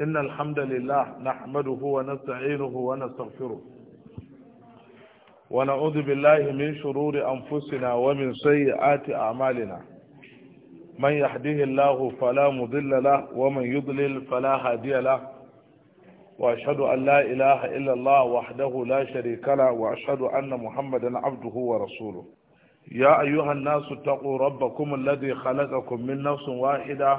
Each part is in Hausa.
إن الحمد لله نحمده ونستعينه ونستغفره ونعوذ بالله من شرور أنفسنا ومن سيئات أعمالنا من يهديه الله فلا مضل له ومن يضلل فلا هادي له وأشهد أن لا إله إلا الله وحده لا شريك له وأشهد أن محمدا عبده ورسوله يا أيها الناس اتقوا ربكم الذي خلقكم من نفس واحدة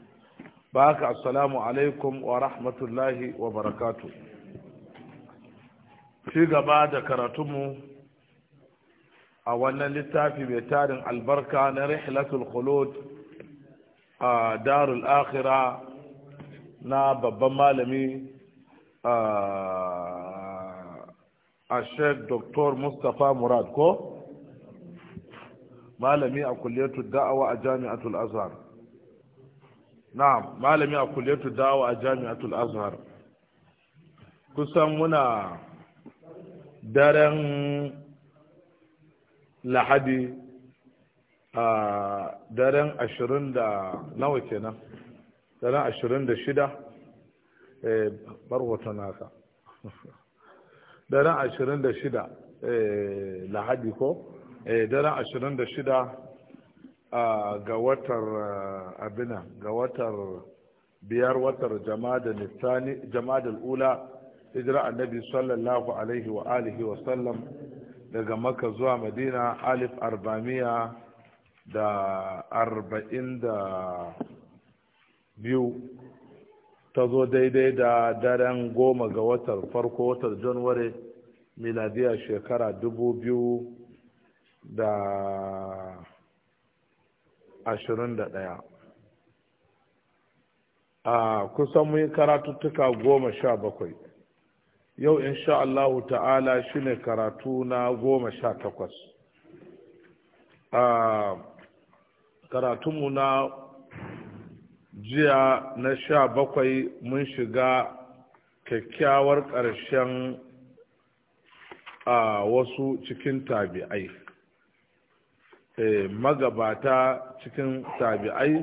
ba haka assalamu alaikum wa rahmatullahi wa barakatu fi gaba da karatunmu a wannan littafi mai tarin albarka na rihlatul khulud a darul akhira na babban malami a sheik dr mustapha murad ko malami a kulliyatul da'awa a jami'atul azhar na'am malami a kulliyatu dawa a jami'atul azhar kusan muna daren lahadi a daren ashirin da nawa kenan daren ashirin da shida eh, bar wata naka daren ashirin da shida eh, lahadi ko eh, daren ashirin da shida ga watar abina ga watar biyar watar jama'a jama'adar ula hijira annabi sallallahu alaihi wa alihi wa sallam daga maka zuwa madina alif arba'amiya da arba'in da biyu ta zo daidai da daren goma ga watar farko watar janware miladiya shekara dubu biyu da ashirin da ɗaya a kusan mu yi karatuttuka goma sha bakwai yau insha Allahu ta'ala shi ne karatu na goma sha takwas a karatunmu na jiya na sha bakwai mun shiga kyakkyawar ƙarshen a wasu cikin tabi'ai Eh, magabata cikin tabi'ai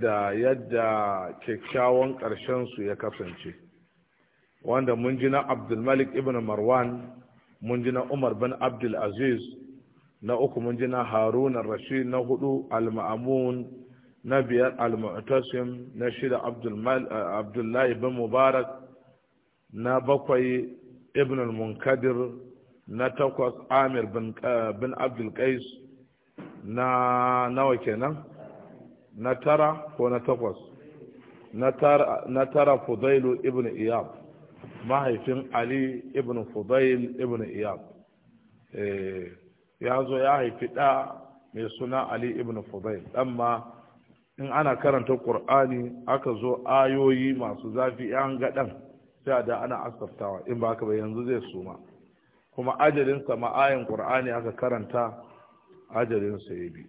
da yadda kyakkyawan ƙarshensu ya kasance wanda mun ji na abdulmalik ibn marwan mun ji na umar bin abdulaziz na uku mun ji na haruna rashid na hudu al-ma'amun na biyar al na shida eh, abdullahi bin mubarak na bakwai ibn al-munkadir na takwas amir bin eh, abdulkais na nawa kenan na tara ko na takwas na tara fudailu ibn iyab mahaifin ali ibn fudail ibn iyab eh, ya zo ya haifi ɗa mai suna ali ibn fudail amma in ana karanta ƙur'ani aka zo ayoyi masu zafi yan gaɗan sai a da ana asaftawa in ba ka bai yanzu zai suma kuma ajalinsa ma'ayin ƙur'ani aka karanta ajalinsa ya bi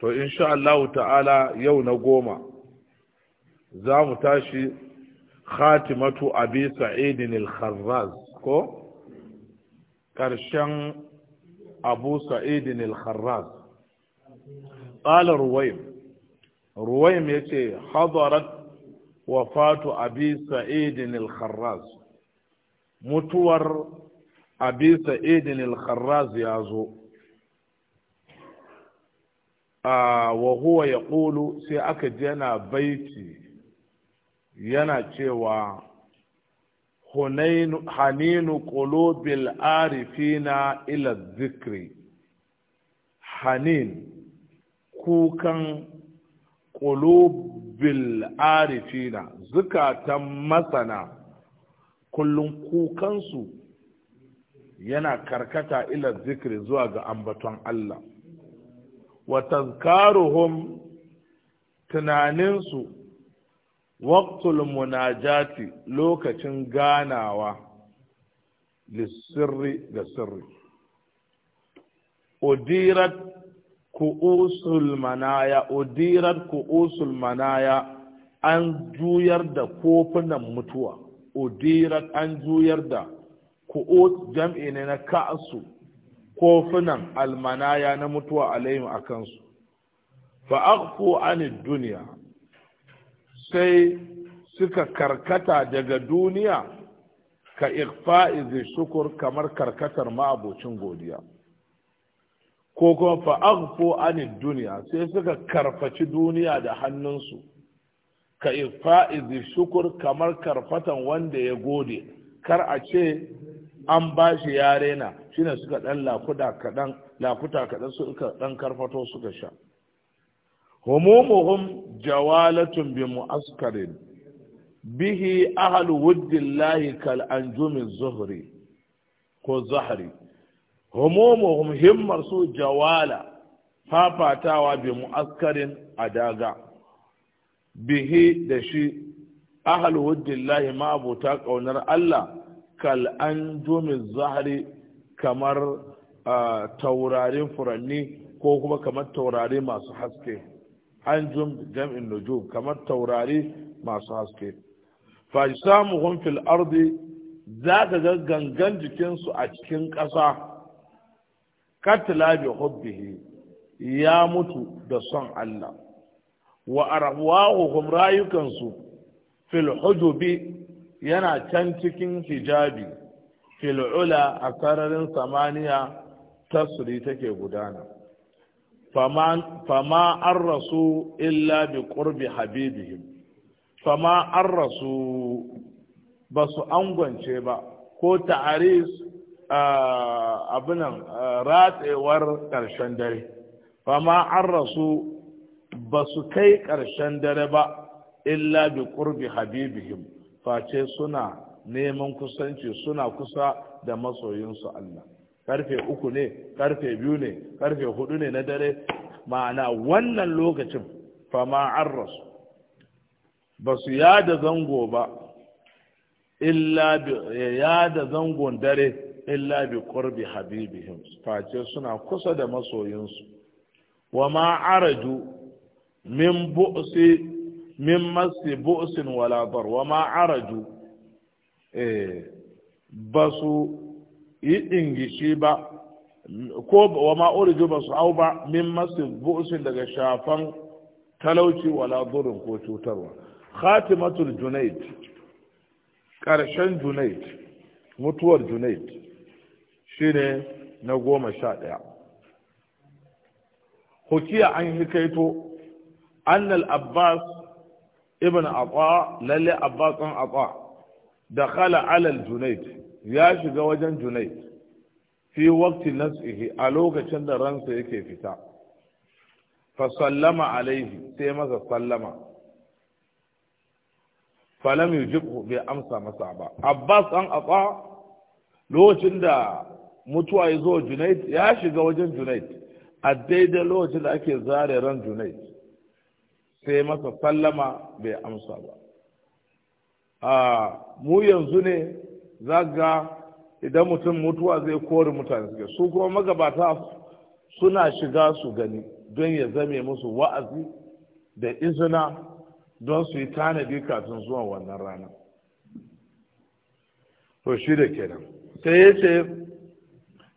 to insha Allah ta'ala yau na goma za mu tashi khatimatu abi sa'idin al-kharraz ko karshen abu sa'idin al-kharraz qala ruwaym ruwaym yace hadarat wafatu abi sa'idin al-kharraz mutuwar abi sa'idin al-kharraz ya zo wa huwa ya ƙulu sai aka ji yana baiti yana cewa haninu qulubil arifina ila zikri hanin kukan qulubil arifina zukatan masana kullum kukansu yana karkata ila zikri zuwa ga ambaton Allah wa tazkaruhum tunaninsu waqtul munajati lokacin ganawa lisirri da sirri udirat ku'usul manaya udirat ku'usul manaya an juyar da kofunan mutuwa udirat an juyar da ku'ut jam'i ne na ka'su kofunan almanaya na mutuwa alaihim a kansu a aqfu anin duniya sai suka karkata daga duniya ka izi shukur kamar karkatar ma'abocin godiya ko kuma fa aqfu anin duniya sai suka karfaci duniya da hannunsu ka izi shukur kamar karfatan wanda ya gode kar a ce an ba shi ya shine suka dan lakuta kadan lakuta kadan suka dan karfato suka sha humumuhum jawalatun bi mu'askarin bihi ahlu wuddillahi kal anjumi zuhri ko zahri humumuhum himmar su jawala fafatawa bi mu'askarin adaga bihi da shi ahlu wuddillahi ma abuta kaunar Allah kal anjumi zahri kamar taurarin furanni ko kuma kamar taurari masu haske anjum jam'in nujum kamar taurari masu haske fajsamuhum fil ardi za ka ga gangan jikinsu a cikin ƙasa katla bi hubbihi ya mutu da son Allah wa arwahuhum rayukansu fil hujubi yana can cikin hijabi fil'ula a sararin samaniya tasiri take gudana fama an rasu illa bi qurbi habibihim fama an rasu ba su angwance ba ko ta'aris abinan ratsewar ƙarshen dare fama an rasu ba su kai ƙarshen dare ba illa bi ƙurbi habibihim face suna neman kusanci suna kusa da masoyinsu Allah karfe uku ne karfe biyu ne karfe hudu ne na dare ma'ana wannan lokacin fama an rasu ba su yada zango ba illa yada zangon dare illa bi qurbi habibihim face suna kusa da masoyinsu wa ma araju min bu'si min masi bu'sin wala dar wa ma araju Eh, ba su yi ingishi ba ko wa ma'urijo ba su hau ba min masu bu'usin daga shafan talauci wala durin ko cutarwa khatimatul junaid karshen junaid mutuwar junaid shine na goma sha ɗaya hukiya an yi kaito annal abbas ibn abba lalle abbas ɗan abba da kala alal junaid ya shiga wajen junaid fi waqti nasihi a lokacin da ransa yake fita fa sallama alaihi sai masa sallama falam yujibhu bai amsa masa ba abbas an atsa lokacin da mutuwa ya zo junaid ya shiga wajen junaid a daidai lokacin da ake zare ran junaid sai masa sallama bai amsa ba mu yanzu ne za ga idan mutum mutuwa zai kori mutane suke su kuma magabata suna shiga su gani don ya zame musu wa'azi da izina don su yi tanadi kafin zuwa wannan rana to shi da kenan sai ya ce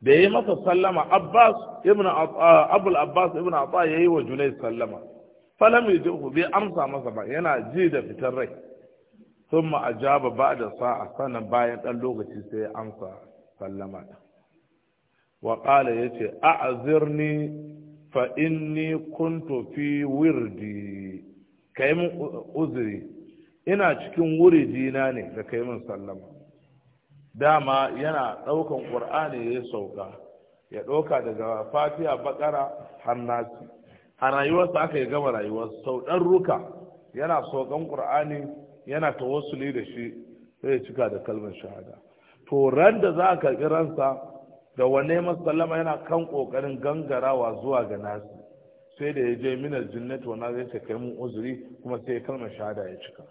da yi masa sallama abbas ibn abul abbas ibn abba ya yi wa junai sallama falam yujibu bai amsa masa ba yana ji da fitar rai sun ma'ajaba ba da sa'a sannan bayan ɗan lokaci sai ya amsa sallama ɗin wa ƙala ya ce a'azirni fa inni kuntu fi wirdi ka yi min uzuri ina cikin wuri dina ne da ka yi min sallama dama yana ɗaukan ƙur'ani ya sauka ya ɗauka daga Fatiya, bakara har nasi a rayuwarsa aka yi gama rayuwarsa. sau ɗan ruka yana saukan ƙur'ani yana ta wasu da shi sai ya cika da kalmar shahada to ran da za a karɓi ransa da wanne masallama yana kan ƙoƙarin gangarawa zuwa ga nasi sai da ya je minar jinnat wana zai ta kai mun uzuri kuma sai kalmar shahada ya cika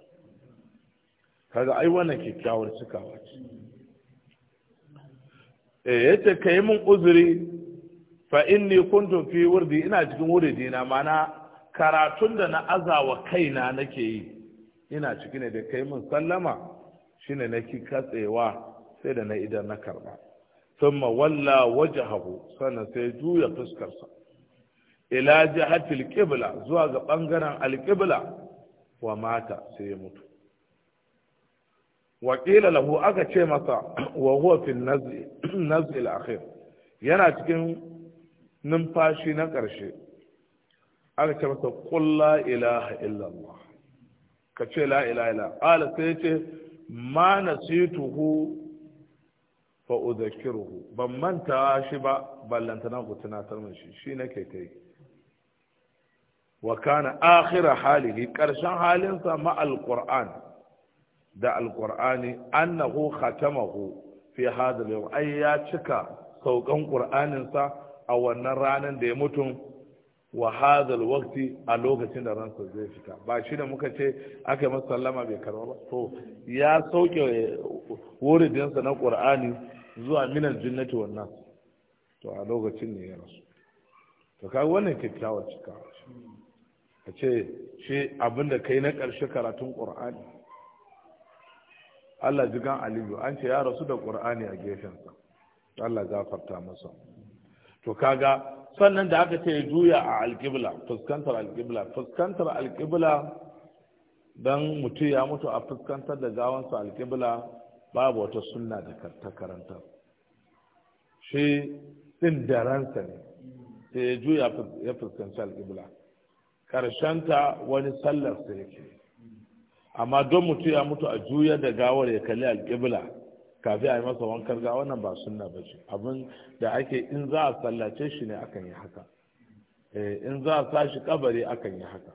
kaga ai wannan kyakkyawar cikawa ce eh yace kai mun uzuri fa inni kuntu fi wurdi ina cikin na mana karatun da na azawa kaina nake yi ina ciki ne da kai min sallama shine na ki katsewa sai da na idan na karba thumma walla wajhahu sannan sai juya fuskarsa ila jihatil qibla zuwa ga bangaren alqibla wa mata sai ya mutu waƙila lahu aka ce masa wa huwa fil al-akhir yana cikin numfashi na ƙarshe aka ce masa qul la ilaha illallah ka ce la ilaha illa qala sai ce ma nasituhu fa udhakkiruhu ban manta shi ba ballanta na ku tunatar min shi shi nake kai wa kana akhir halihi karshen halin sa ma alquran da alqurani annahu khatamahu fi hadha al-yawm ya cika saukan qur'anin sa a wannan ranan da ya mutum wa hadal waqti a lokacin da ransa zai fita ba shi da muka ce aka masa sallama bai karba ba to ya sauke wuridinsa na ƙur'ani zuwa minan jinnati wannan to a lokacin ne ya rasu to kaga wannan kyakkyawar cikawa a ce shi abinda kai na ƙarshe karatun ƙur'ani Allah jigan aliyu an ce ya rasu da ƙur'ani a gefensa Allah gafarta masa to kaga sannan da aka ce juya a alƙibla fuskantar alƙibla fuskantar alƙibla don mutu ya mutu a fuskantar da gawansa alƙibla babu wata sunna da karta karanta shi ɗin da ransa ne sai ya juya ya fuskanci alƙibla ta wani sallar sa yake amma don mutu ya mutu a juya da gawar ya kalli alƙibla kafin a yi masa wankan ga wannan ba sunna ba ce abin da ake in za a sallace shi ne akan yi haka eh, in za a sa shi kabari akan yi haka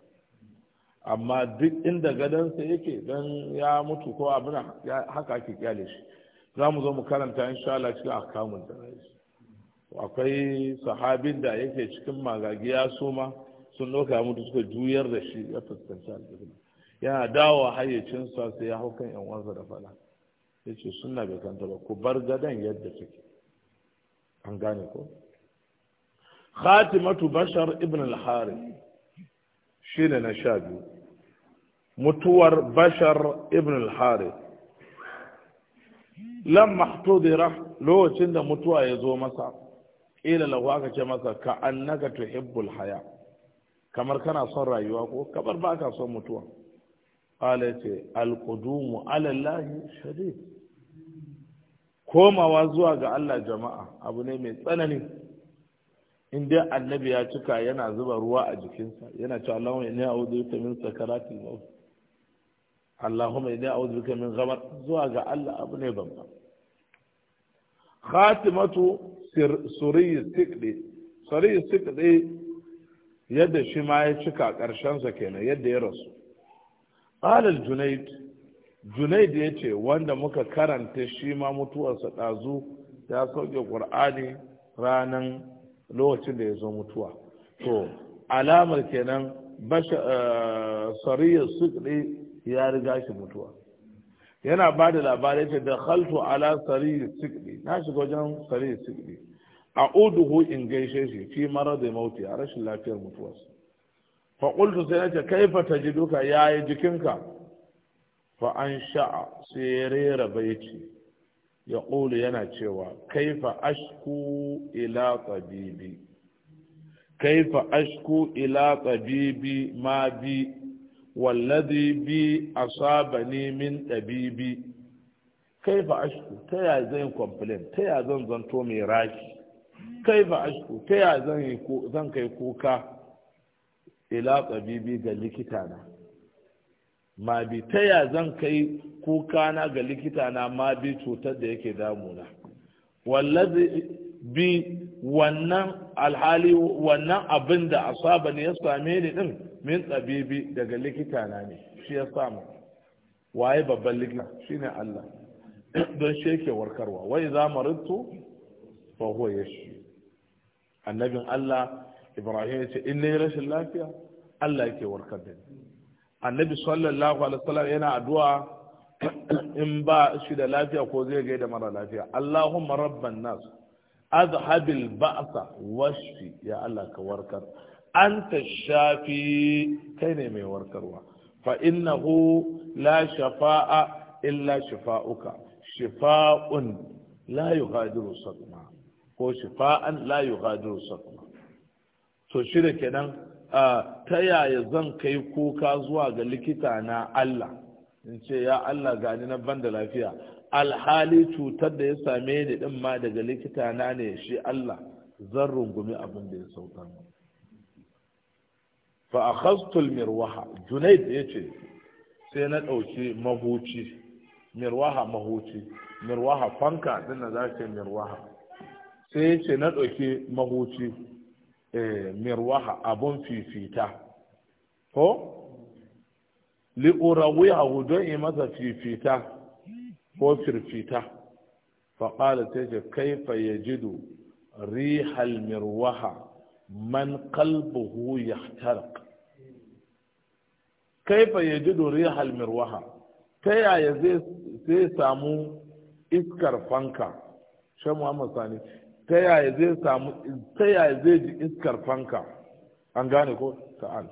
amma duk inda gadonsa yake don ya mutu ko abin haka ake kyale shi za mu zo mu karanta sha Allah cikin akamun da akwai sahabin da yake cikin magagiya su soma sun doka mutu suka juyar da shi ya fuskanci aljihu yana dawowa hayyacinsa sai ya hau kan yan uwansa da fada ya ce suna bai kanta ba ku bar gadon yadda take an gane ko khatimatu bashar ibn al-harith ne na sha biyu mutuwar bashar ibn al-harith lamma htudira lokacin da mutuwa ya zo masa ila lahu aka ce masa ka annaka tuhibbul haya kamar kana son rayuwa ko kamar ba ka son mutuwa قال ce القدوم على الله شديد komawa zuwa ga Allah jama'a abu ne mai tsanani in dai annabi ya cika yana zuba ruwa a jikinsa yana cewa Allahumma inni a'udhu bika min sakaratil maut Allahumma inni a'udhu bika min ghamar zuwa ga Allah abu ne babba khatimatu suriyi sikdi suriyi sikdi yadda shi ma ya cika karshen sa kenan yadda ya rasu ƙalal junaid junaid ya ce wanda muka karanta shi ma mutuwarsa ɗazu ya sauke kur'ani ranar lokacin da ya zo mutuwa to alamar kenan sariyar sukri ya riga shi mutuwa yana ba da labarai ce da haltu ala sariyar sukri na shiga wajen sariyar sukri a uduhu in gaishe shi fi mara da mauti a rashin lafiyar mutuwarsa faƙultu sai nace kaifa ta ji duka ya yi jikinka fa an sha'a sai ya rera ya ƙulu yana cewa kaifa ashku ila tsabibi kaifa ashku ila tsabibi ma bi wallazi bi asabani min ɗabibi kaifa ashku ta ya zan complain ta ya zan zanto mai raki kaifa ashku ta ya zan kai kuka ila tabibi ga likita na ma bi ta ya zan kai kuka na ga likita na ma bi cutar da yake damuna wallazi bi wannan alhali wannan abin da asaba ne ya same ni din min tsabibi daga likita na ne shi ya samu waye babban likita shine Allah don shi yake warkarwa wai za marittu fa huwa yashi annabin Allah ibrahim ya ce in nayi rashin lafiya Allah yake warkar da ni annabi sallallahu alaihi wasallam yana addu'a in ba shi da lafiya ko zai gaida mara lafiya Allahumma rabban nas azhabil ba'sa washfi ya Allah ka warkar anta shafi kai ne mai warkarwa fa innahu la shafa'a illa shifa'uka shifa'un la yughadiru saqma ko shifa'an la yughadiru saqma to shida kenan ta yaya zan kai kuka zuwa ga likita na Allah in ce ya Allah gani na ban da lafiya alhali cutar da ya same ni din ma daga likita na ne shi Allah zan rungumi abin da ya sauka mu fa akhadtul mirwaha junayd yace sai na dauki mahuci mirwaha mahuci mirwaha fanka din da zai mirwaha sai yace na dauki mahuci Eh, mirwaha abun fifita ko a don yi masa fifita ko firfita faƙala ta ce kaifa ya jido rihal mirwaha man kalbuhu ya kaifa ya jido rihal mirwaha ta yaya zai samu iskar fanka shan muhammad sani ta yaya zai samu ta yaya zai ji iskar fanka an gane ko ta'an.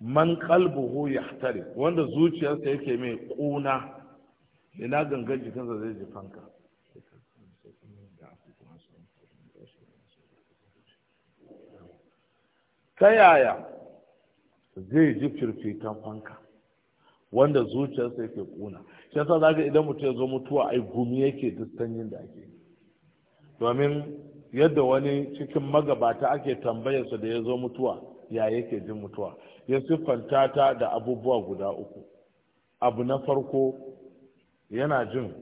man ya yahtari wanda zuciyarsa yake mai kuna ina gangan jikinsa zai ji fanka ta yaya zai ji firfitan fanka wanda zuciyarsa yake kuna shi yasa zaka idan mutum ya zo mutuwa ai gumi yake duk sanyin da ake domin yadda wani cikin magabata ake tambayarsa da ya zo mutuwa ya yake jin mutuwa ya siffanta ta da abubuwa guda uku abu na farko yana jin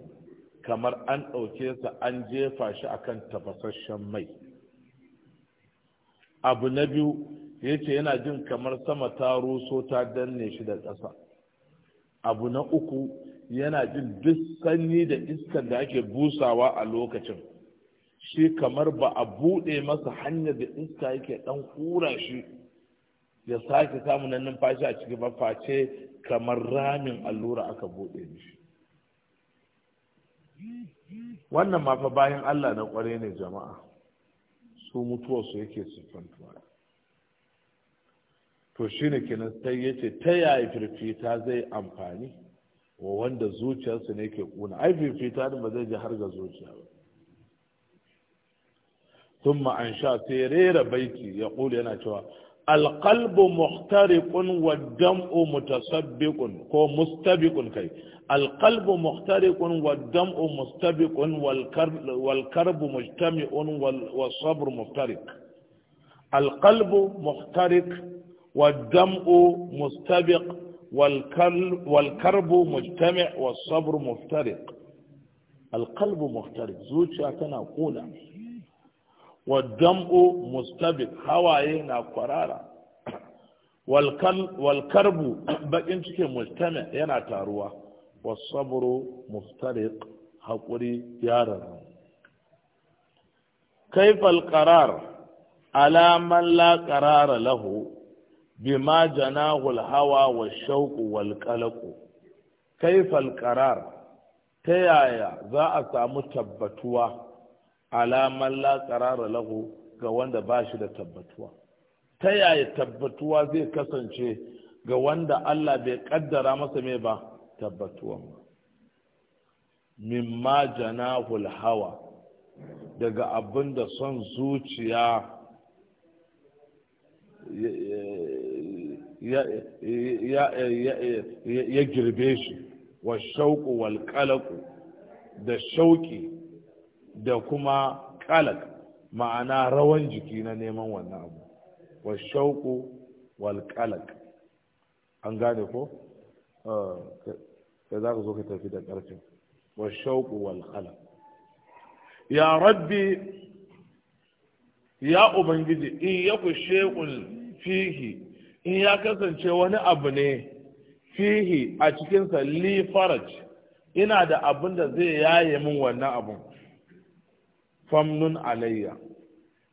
kamar an ɗauke sa an jefa shi akan tafasasshen mai abu na biyu ya ce yana jin kamar sama ta ruso ta danne shi da ƙasa abu na uku yana jin duk sanyi da iskar da ake busawa a lokacin shi kamar ba a buɗe masa hanyar da iska yake ɗan hura shi ya sake samun nan numfashi a cikin maface kamar ramin allura aka buɗe mishi wannan mafa bayan allah na ƙware ne jama'a su su yake siffantuwa to shi ne sai ya ce ta yaya firfita zai amfani wa wanda zuciyarsu ne ke ƙuna ai firfita ne ba zai ji har ga zuciya ba sun ma'ansha sha sai rera baiki ya yana cewa alƙalbu muhtarikun wa dam'u mutasabbiqun ko mustabiqun kai alƙalbu muhtarikun wa dam'u mustabiqun wal karbu mujtami'un wa sabr muhtarik alƙalbu muhtarik والدمء مستبق والكرب مجتمع والصبر مفترق القلب مفترق زوجة كان قولا والدمء مستبق هواي نقرارا والكرب بقين شكي مجتمع ينا تاروا والصبر مفترق haƙuri ya rarrabu kaifal qarar alaman la qarara lahu bima janahul hawa wa shauku wal qalaku kaifal qarar ta yaya za a samu tabbatuwa alamar la qarara lahu ga wanda ba shi da tabbatuwa ta yaya tabbatuwa zai kasance ga wanda Allah bai kaddara masa mai ba tabbatuwa mimma janahul hawa daga abin da son zuciya ya girbe shi wa shauku wal kalaku da shauki da kuma kalak ma'ana rawan jiki na neman wannan abu wa shauku wal kalak an gane ko ah, ka za ka zo ka tafi da ƙarfin wa shauku wal kalak ya rabbi ya ubangiji in ya ku shekun fihi in ya kasance wani abu ne fihi a cikinsa li faraj ina da abin da zai yaye min wannan abun famnun alayya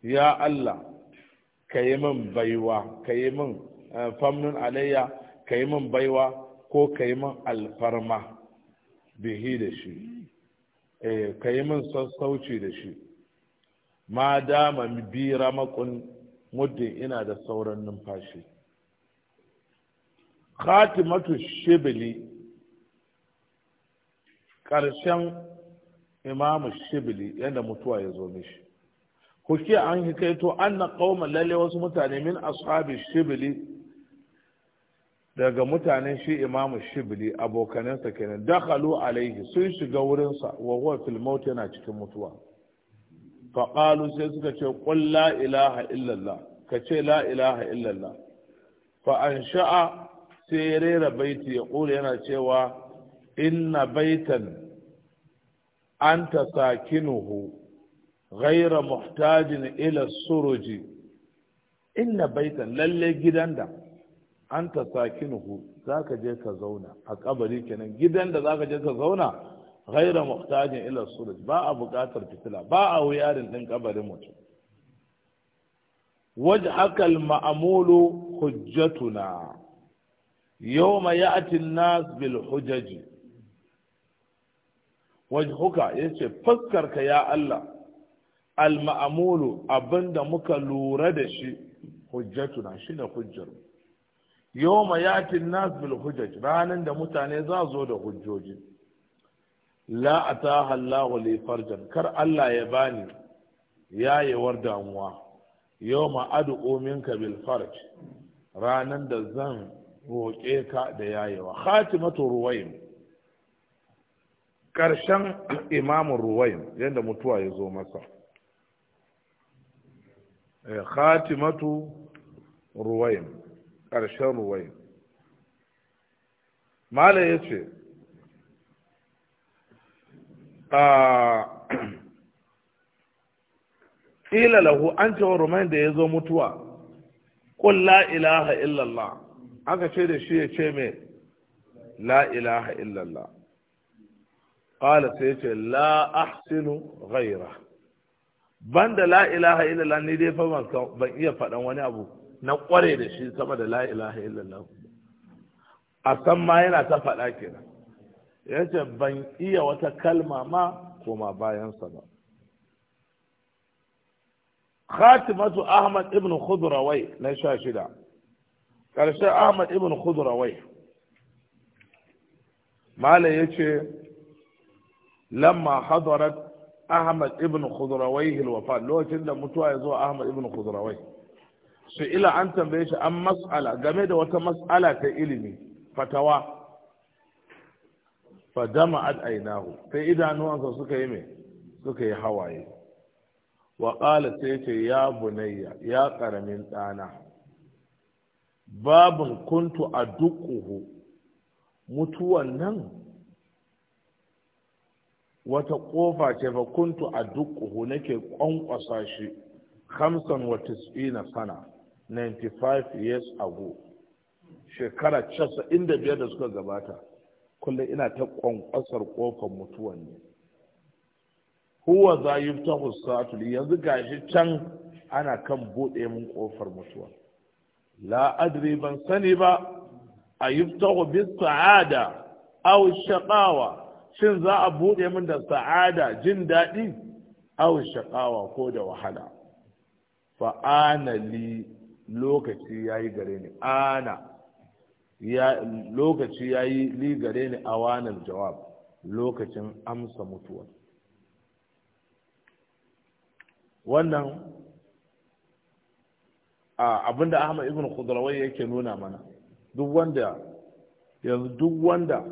ya Allah ka yi min baiwa ka yi min eh, famnun alayya ka yi min baiwa ko ka yi min alfarma bihi da shi eh, ka yi min sassauci da shi ma dama bi ramakun muddin ina da sauran numfashi khatimatu shibli ƙarshen imamu shibli yadda mutuwa ya zo mishi hukiya an an anna qauma lalle wasu mutane min ashabi shibli daga mutanen shi imamu shibli abokanansa kenan dakhalu alaihi sun shiga wurinsa wa huwa fil maut yana cikin mutuwa fa qalu sai suka ce qul la ilaha illallah ka ce la ilaha illallah fa ansha'a sai ya rera baiti ya ƙura yana cewa inna baitan an ta sakinuhu gaira muhtajin ila suruji inna baitan lalle gidan da an ta sakinuhu za ka je ka zauna a kabari kenan gidan da za ka je ka zauna gaira muhtajin ila suruji ba a buƙatar fitila ba a wuyarin ɗin kabarin mutum wajhaka al ma'amulu hujjatuna yawma ya'ti an-nas bil hujaj wajhuka yace fuskarka ya Allah al ma'mulu abinda muka lura da shi hujjatuna shine hujjar yawma ya'ti an-nas bil hujaj ranan da mutane za zo da hujjoji la ataha Allah li farjan kar Allah ya bani yayewar damuwa yawma ad'u minka bil farj ranan da zan roƙe ka da yayewa khatimatu ruwayin karshen imamun ruwayin yadda mutuwa ya zo masa eh, khatimatu ruwayin karshen ruwayin mala ya ce ah, ƙila lahu an cewa rumayin da ya zo mutuwa la ilaha illallah aka ce da shi ya ce mai la ilaha illallah qala sai ce la ahsinu ghaira banda la ilaha illallah ni dai fa ban iya faɗan wani abu na kware da shi sama da la ilaha illallah a san ma yana ta faɗa kenan ce ban iya wata kalma ma koma bayansa ba khatimatu ahmad ابن khudrawai na sha shida ƙarshe ahmad ibn khudrawai malai ya ce lamma hadarat ahmad ibn khudrawai hilwafa lokacin da mutuwa ya zo ahmad ibn khudrawai su ila an tambaye shi an mas'ala game da wata mas'ala ta ilimi fatawa Fa fadama ad ainahu sai idanuwansa suka yi mai suka yi hawaye wa ƙala sai ya bunayya ya ƙaramin ɗana babin kuntu a dukuhu mutuwan nan wata ƙofa ce fa kuntu a dukuhu nake ƙwanƙwasa shi Kamsan wa na sana 95 years ago shekara casa da biyar da suka gabata kullum ina ta kwankwasar ƙofar mutuwan ne huwa za yi ta yanzu gashi can ana kan buɗe mun ƙofar mutuwa la ban sani ba a yuftahu bis sa'ada aw shaqawa shin za a bude min da sa'ada jin daɗi aw shaqawa ko da wahala fa lokaci yayi ni ana ya lokaci gare ni awanal jawab lokacin amsa mutuwa wannan abinda ahmad ibn khudrawai yake nuna mana duk wanda yanzu duk wanda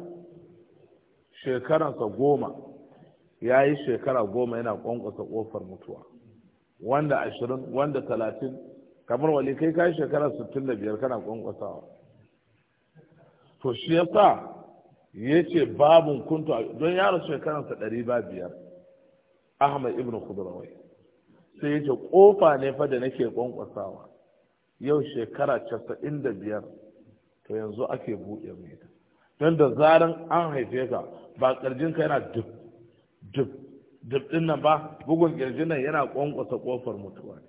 shekaransa goma ya yi shekara goma yana kwankwasa kofar mutuwa wanda ashirin wanda talatin kamar wali kai ka shekara sittin da biyar kana kwankwasawa to shi ya sa ya ce babin kuntu don yaro shekaransa ɗari ba biyar ahmad ibn khudrawai sai ya ce kofa ne fa da nake kwankwasawa yau shekara casa'in da biyar to yanzu ake buɗe mai ta don da zarar an haife ka ba ka yana duk duk duk ɗin nan ba bugun ƙirjin nan yana ƙwanƙwasa ƙofar mutuwa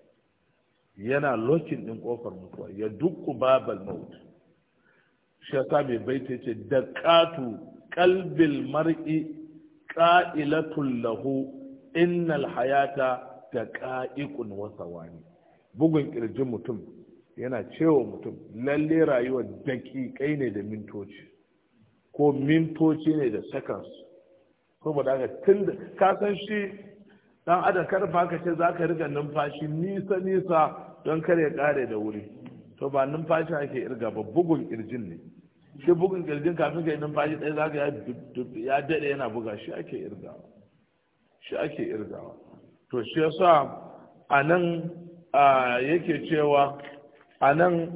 yana lokin ɗin ƙofar mutuwa ya dukku babal maut shi yasa mai baita ce da ƙatu kalbil mar'i ƙa'ilatul lahu innal hayata da ƙa'iƙun wasa wani bugun ƙirjin mutum yana cewa mutum lalle rayuwar daƙiƙai ne da mintoci ko mintoci ne da seconds saboda haka tun da kasan shi dan adam kar fa ka ce za ka riga numfashi nisa nisa don kar ya kare da wuri to ba numfashi ake irga ba bugun kirjin ne shi bugun kirjin kafin ka yi numfashi ɗaya za ka ya daɗe yana buga shi ake irgawa shi ake irgawa to shi yasa a nan yake cewa a nan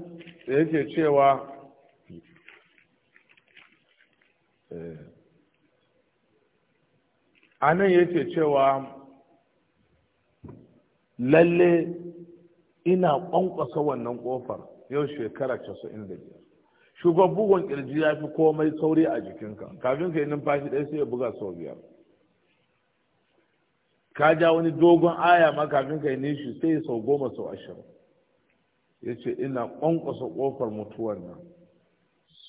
da yake cewa eh, a nan yake cewa lalle ina ƙwanƙwasa wannan ƙofar yau shekara 95 shugabugon biyar ƙirji ya fi komai sauri a jikinka kafin ka yi numfashi ɗaya sai ya buga sau biyar ka ja wani dogon aya ma kafin ka yi nishi sai sau goma sau ashirin ya ce ina ƙwanƙwasa ƙofar mutuwar nan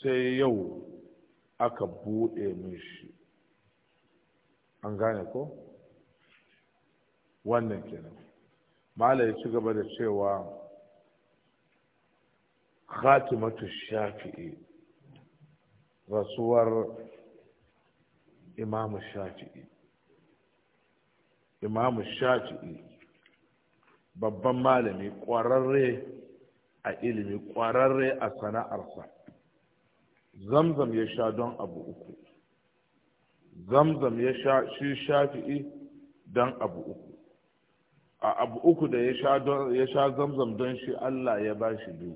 sai yau aka buɗe min shi an gane ko wannan kenan mala ya ci gaba da cewa khatimatu shafi'i rasuwar imamu shafi'i imamu shafi'i babban malami ƙwararre a ilimi ƙwararre a sana'arsa zamzam ya sha don abu uku zamzam ya sha shi shafi'i don abu uku a abu uku da ya sha zamzam don shi allah ya ba shi biyu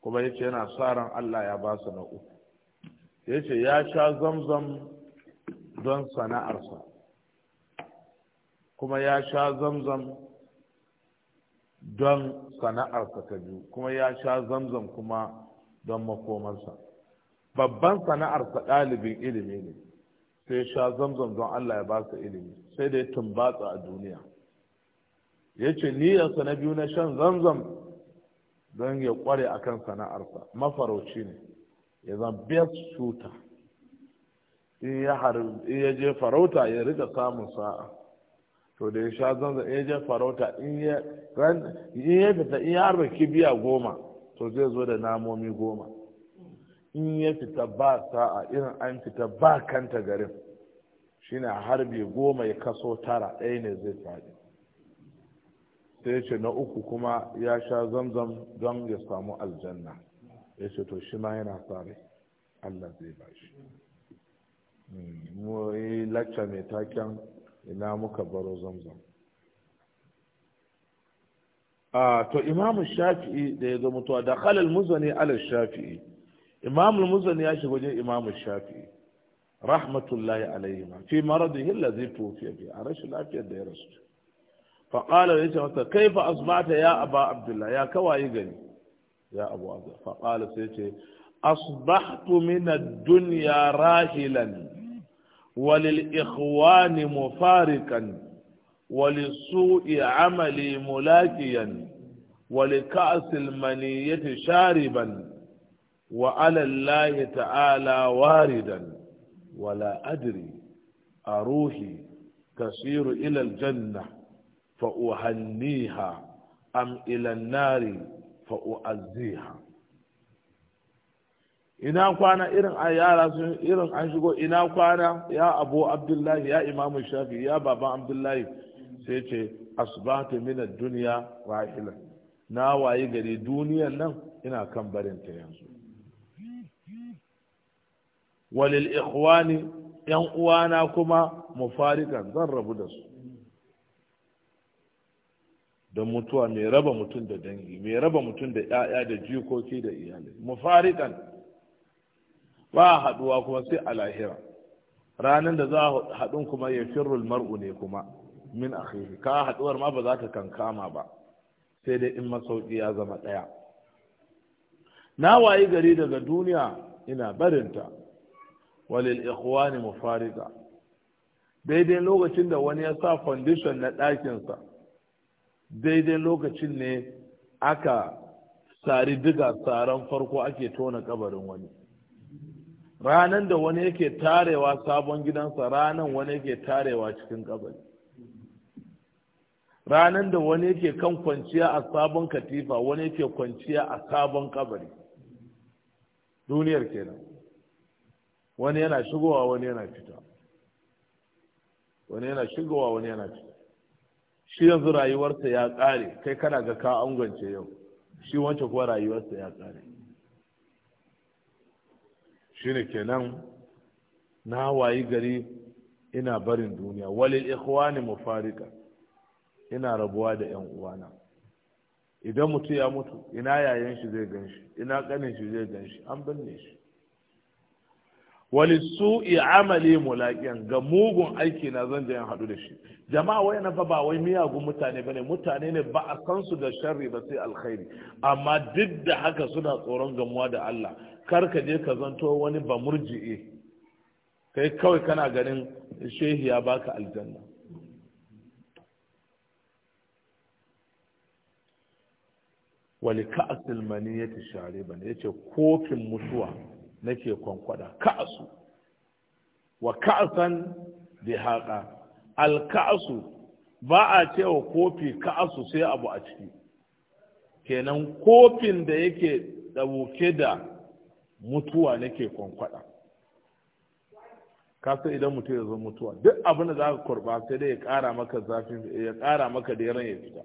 kuma ya ce yana sa ran allah ya ba su na uku ya ce ya sha zamzam don sana'arsa kuma ya sha zamzam don sana'arsa ta biyu kuma ya sha zamzam kuma don makomarsa babban sana'arsa ɗalibin ilimi ne sai ya sha zamzam don Allah ya ba su ilimi sai da ya tumbatsa a duniya ya ce niyyarsa na biyu na shan zamzam don ya kware a kan sana'arsa mafarauci ne ya zan best shooter in ya je farauta ya riga samun sa'a to da ya sha zanzan ya je farauta in ya fita in ya harba kibiya goma to zai zo da namomi goma in ya fita ba sa'a irin an fita ba kanta garin shine harbi goma ya kaso tara ɗaya ne zai faɗi sai ce na uku kuma ya sha zamzam don ya samu aljanna ya ce to shi ma yana sare allah zai ba shi hmm, mu yi lacca mai taken ina muka baro zamzam a to imam shafi'i da ya zo mutuwa da khalal muzani ala shafi'i imam muzani ya shiga wajen imam shafi'i rahmatullahi alayhi ma fi maradihi allazi tufiya fi a rashin lafiyar da ya rasu fa qala yace masa kaifa asbata ya aba abdullah ya kawai gani? ya abu abdullah fa qala sai yace asbahtu min ad-dunya rahilan وللإخوان مفارقا ولسوء عملي ملاكيا ولكأس المنية شاربا وعلى الله تعالى واردا ولا أدري أروحي تسير إلى الجنة فأهنيها أم إلى النار فأؤذيها ina kwana irin a yara sun irin an shigo ina kwana ya abu abdullahi ya imamu shafi ya baban abdullahi sai ce asbahtu min ad-dunya na waye gari duniyan nan ina kan barin ta yanzu walil ikhwani yan uwana kuma mufarikan zan rabu da su don mutuwa mai raba mutum da dangi mai raba mutum da 'ya'ya da jikoki da iyalai mufarikan ba haduwa kuma sai a lahira ranar da za a haɗun kuma ya firrul mar'u ne kuma min akhihi ka haduwar ma ba za ta kankama ba sai dai in masauki ya zama ɗaya na wayi gari daga duniya ina barinta walil ikhwani mufarida daidai lokacin da wani ya sa foundation na ɗakinsa daidai lokacin ne aka sari diga saran farko ake tona kabarin wani ranan da wani yake tarewa sabon gidansa ranan wani yake tarewa cikin kabari ranan da wani yake kan kwanciya a sabon katifa wani yake kwanciya a sabon kabari duniyar kenan wani yana shigowa wani yana fita wani yana shigowa wani yana fita shi yanzu rayuwarsa ya ƙare kai kana ga ka angwance yau shi wancan kuwa rayuwarsa ya ƙare shine kenan na wayi gari ina barin duniya walil ikhwani mufarika ina rabuwa da yan uwana idan mutu ya mutu ina yayan shi zai ganshi ina kanin shi zai ganshi an binne shi walisu'i amali laƙiyan ga mugun aiki na zan je haɗu da shi jama'a wai na fa ba wai miyagun mutane ba ne mutane ne ba a san su da sharri ba sai alkhairi amma duk da haka suna tsoron gamuwa da Allah Karka je ka zanto wani ba murji'i kai kawai kana ganin shehi ya baka aljanna wali ka'asul maniyati shariban yace kofin mutuwa nake kwankwada ka'asu wa ka'asan bi haqa al ka'asu ba a cewa kofi ka'asu sai abu a ciki kenan kofin da yake dauke da mutuwa nake kwankwada ka san idan mutum ya zo mutuwa duk abin da za ka kurba sai dai ya ƙara maka zafin ya ƙara maka da ran ya fita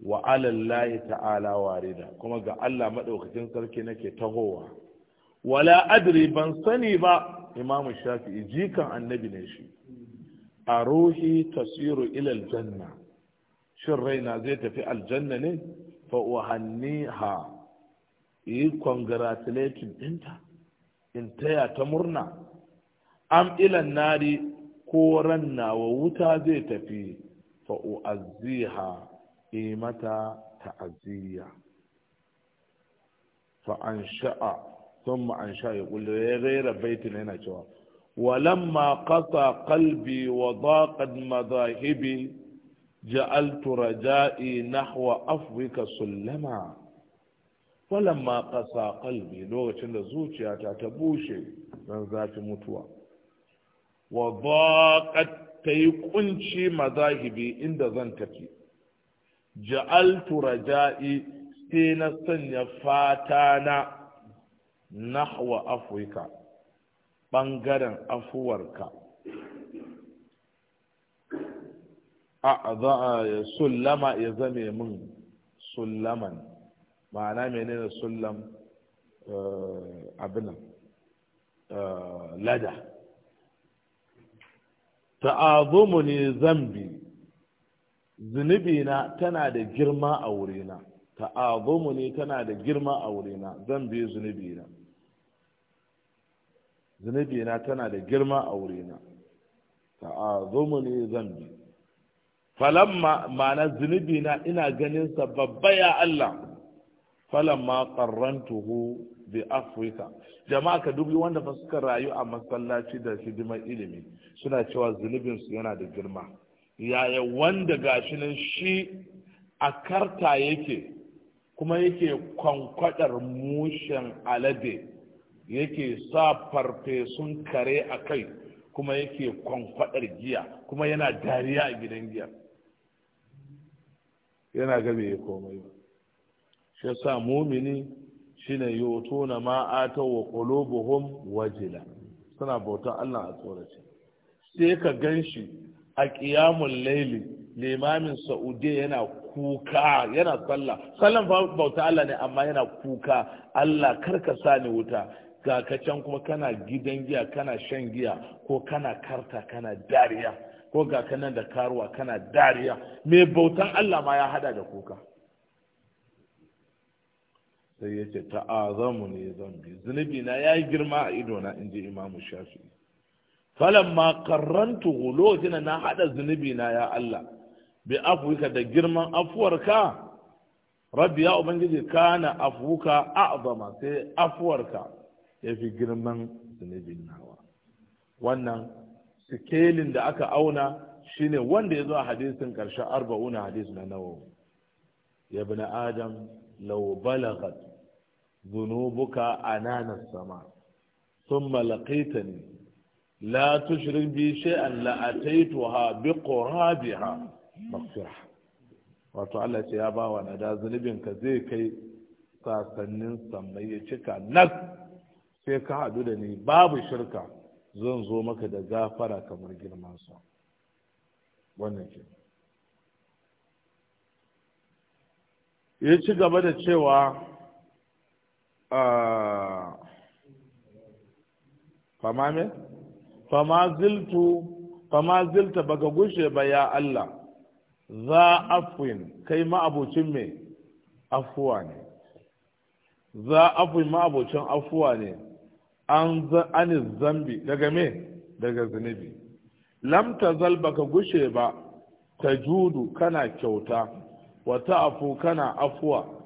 wa alallahi ta'ala warida kuma ga Allah madaukakin sarki nake tahowa wala adri ban sani ba imam shafi'i jikan annabi ne shi a ruhi tasiru ila aljanna shin raina zai tafi aljanna ne fa uhanniha yi congratulating ɗinta in taya ta murna am ilan nari ko ranna wa wuta zai tafi fa'u'azziha yi mata ta'aziyya fa'an sha'a sun ma'an sha'a ya kulle ya gaira baitin yana cewa ولما قطع قلبي وضاقت مذاهبي جعلت رجائي نحو عفوك سلما ma ƙasa ƙalbi lokacin da zuciyata ta bushe don zafi mutuwa wa baqat ta yi kunci mazahibi inda zan tafi ja'altu raja'i sai na sanya fata na nahwa afirka ɓangaren afuwarka za a sullama ya zame min sullaman ma'ana menene sullam eh, abinan eh, lada ta'azumu ne zambi zunubina tana da girma a wurina ta'azumu ne tana da girma a wurina zambi zunubina zunubina tana da girma a wurina ta'azumu ne zambi falamma ma'ana zunubina ina ganin sa babba ya Allah falamma tuhu bi afrika jama'a ka dubi wanda fa suka rayu a masallaci da hidimar ilimi suna cewa zunubin su yana da girma yaya wanda gashi nan shi a karta yake kuma yake kwankwadar mushen alade yake sa farfesun kare a kai kuma yake kwankwadar giya kuma yana dariya a gidan giya yana gabe komai ba shi yasa mumini shine yutuna ma atau wa qulubuhum wajila suna bautar Allah a tsorace sai ka ganshi a qiyamul layli limamin Sa'ude yana kuka yana sallah sallan bauta Allah ne amma yana kuka Allah karka sa ni wuta ga ka can kuma kana gidan giya kana shan giya ko kana karta kana dariya ko ga kanan da karuwa kana dariya mai bautan Allah ma ya hada da kuka sai ya ce ta'azamu ne zambi zunubi na ya girma a idona in inji imamu shafi falan ma karrantu lokacin na hada zunubi na ya Allah bi afuka da girman afuwarka rabbi ya ubangiji kana afuka a'zama sai afuwarka ya fi girman zunubin nawa wannan sikelin da aka auna shine wanda ya zo a hadisin karshe arba'una hadis na nawawi ya na adam لو بلغت zunubuka ananas sama thumma ne. la tushrik bi shay'an la ataituha bi qurabiha maghfira wato Allah ce ya ba wa da zunubin ka zai kai sasannin sammai ya cika nas sai ka hadu da ni babu shirka zan zo maka da gafara kamar girman sa wannan kenan ya ci gaba da cewa fama me fama ziltu fama zilta baka gushe ba ya Allah za afwin kai ma'abocin me afuwa ne za afwin ma'abocin afuwa ne an zambi daga me daga zunubi lam zal baka gushe ba ta judu kana kyauta wata afu kana afuwa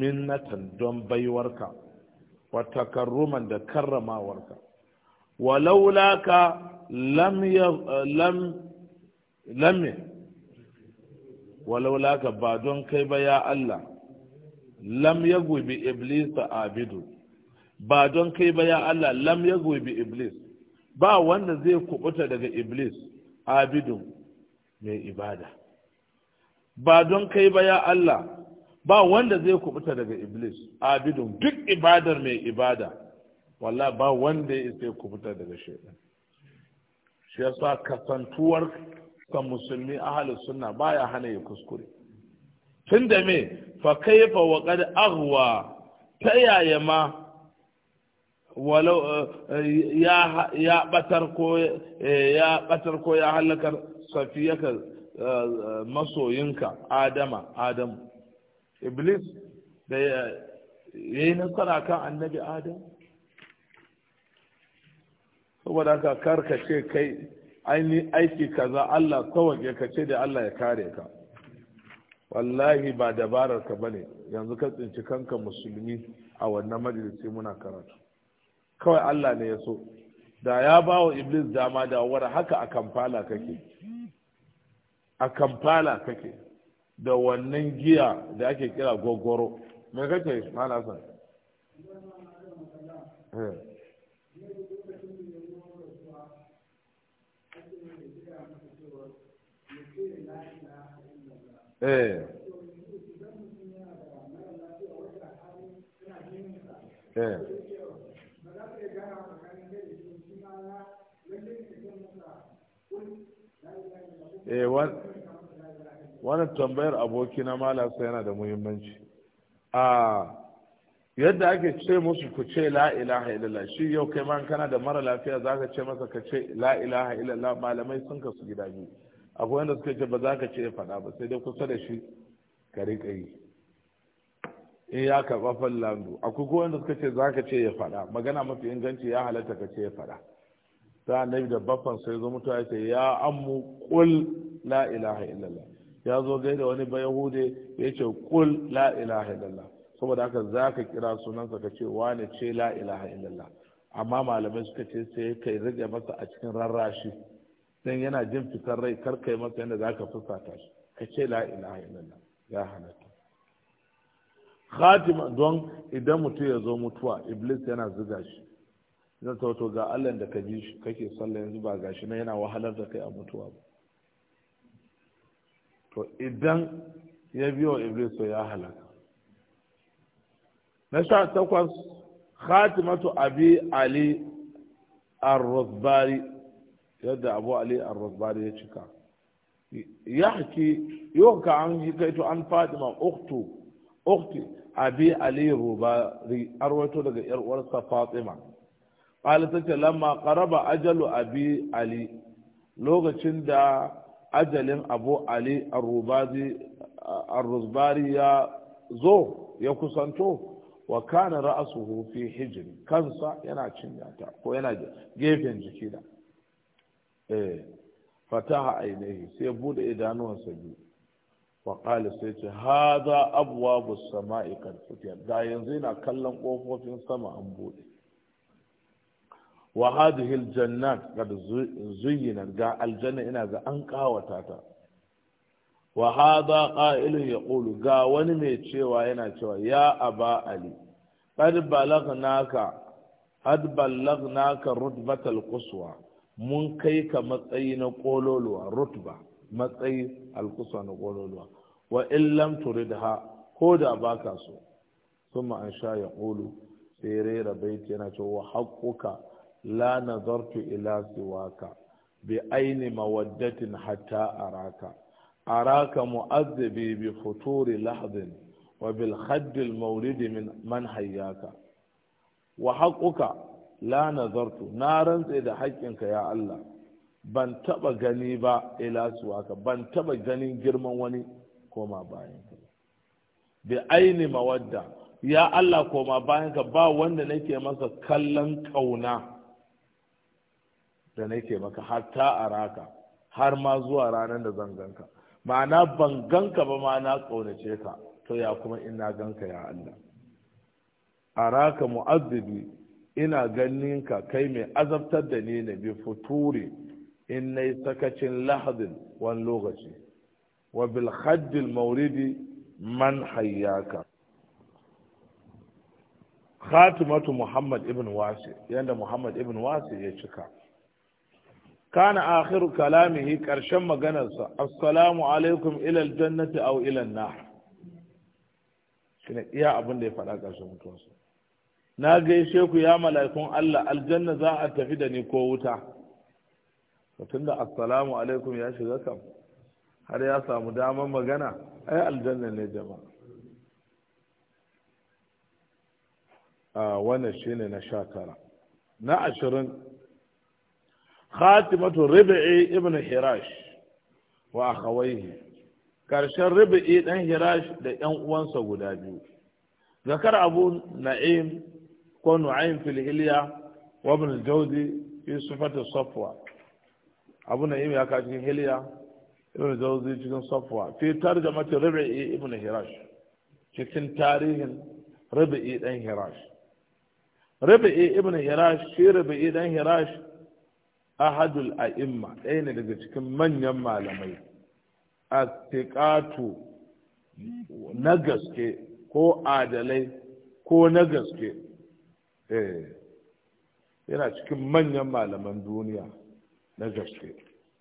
minnatan don baiwarka wa takarruman da karramawarka walaula ka lam lam ba don kai ba ya Allah lam ya gobe iblis ta abidu ba don kai ba ya Allah lam ya gobe iblis ba wanda zai kubuta daga iblis abidun mai ibada ba don kai ba ya Allah ba wanda zai kubuta daga iblis abidun duk ibadar mai ibada walla ba wanda ya isa kubuta daga shaitan shi yasa kasantuwar ka musulmi ahalus sunna baya hana ya kuskure tunda me fa kaifa wa qad aghwa ta yaya ma walau eh, ya batar ko eh, ya batar ko ya halakar safiyaka eh, masoyinka adama adamu iblis da ya yi nasara kan annabi adam saboda ka ce kai aini aiki kaza Allah kawai ya kace da Allah ya kare ka wallahi ba dabarar ka bane yanzu ka tsinci kanka musulmi a wannan majalisi muna karatu kawai Allah ne ya so da ya ba wa iblis dama da wara haka a kamfala kake a kamfala kake da wannan giya da ake kira gogoro mai kake malasa eh eh eh, eh wani tambayar aboki na malasa yana da muhimmanci a yadda ake ce musu ku ce la ilaha illallah shi yau kai ma kana da mara lafiya za ka ce masa ka ce la ilaha illallah malamai sun kasu gida biyu akwai wanda suka ce ba za ka ce faɗa ba sai dai kusa da shi ka riƙa yi in ya karɓa fallandu akwai ko wanda suka ce za ka ce ya faɗa magana mafi inganci ya halatta ka ce ya faɗa ta annabi da baffan sai zo mutuwa ya ce ya ammu kul la ilaha illallah ya zo da wani bayan hude ya ce kul la ilaha saboda haka za ka kira sunansa ka ce wane ce la ilaha amma malamai suka ce sai kai rage masa a cikin rarrashi don yana jin fitar rai kar masa yadda za ka fusata shi ka ce la ilaha ya halatta khatima don idan mutum ya zo mutuwa iblis yana ziga shi zan wato ga Allah da ka ji shi kake sallah yanzu ba gashi na yana wahalar da kai a mutuwa ba to idan ya biyo iblis ya halaka na sha takwas khatimatu abi ali ar yadda abu ali ar-ruzbari ya cika yahki ka an kaito an fatima uktu ukhti abi ali rubari arwato daga yar uwarsa fatima qala ce lamma ƙaraba ajalu abi ali lokacin da ajalin abu ali arruzbari ya zo ya kusanto wa kana ra'asuhu fi hijin kansa yana cinyata ko yana gefen jiki da eh fataha ainihi sai bude idanuwansa biyu wa qala sai ce abuwa bu samai kan fitiyar da yanzu yana kallon kofofin sama an bude wa hadhihi jannat qad zuyyina ga aljanna ina ga an kawata ta wa hada qa'ilu yaqulu ga wani mai cewa yana cewa ya aba ali qad balagnaka qad ballagnaka rutbat alquswa mun kai ka matsayi na kololuwa rutba matsayi alquswa na kololuwa wa in turidha ko da baka so kuma an sha yaqulu sai rera baiti yana cewa haqquka la nazartu ila siwaka bi aini mawaddatin hatta araka araka mu'azzabi bi futuri lahdin wa bil khaddil min man hayyaka wa haqquka la nazartu na rantse da haƙƙinka ya Allah ban taba gani ba ila siwaka ban taba ganin girman wani koma bayan ka bi aini mawadda ya Allah koma bayan ka ba wanda nake masa kallon ƙauna. da na nake maka hatta a raka har ma zuwa ranar da zan ganka ma'ana ban ganka ba ma na ƙaunace ka to ya kuma ina ganka ya Allah a raka mu'azzibi ina ganin ka kai mai azabtar da ni na bi futuri in yi sakacin lahadin wani lokaci wa bil haddil mauridi man hayyaka khatimatu muhammad ibn wasi yanda muhammad ibn wasi ya cika kana akhiru kalamihi karshen maganarsa assalamu alaikum ilal jannati aw ilan nar shine iya abin da ya faɗa ƙarshen mutuwarsa na gaishe ku ya mala'ikun Allah aljanna za a tafi da ni ko wuta mutum da assalamu alaikum ya shiga kam har ya samu damar magana ai aljanna ne jama'a ah, wannan shine na sha na ashirin خاتمة ربع ابن hirash wa akhawaihi karshen ابن dan hirash da yan uwansa guda biyu zakar abu na'im ko وابن الجودي hilya صفة الصفوة أبو نعيم يكاد في الهلية abu na'im ya ka في ترجمة ربع ابن jawzi cikin tarihin rabi'i dan hirash rabi'i ibn hirash shi rabi'i dan hirash ahadul a'imma ɗaya ne daga cikin manyan malamai astiqatu na gaske ko adalai ko na gaske eh, yana cikin manyan malaman duniya na gaske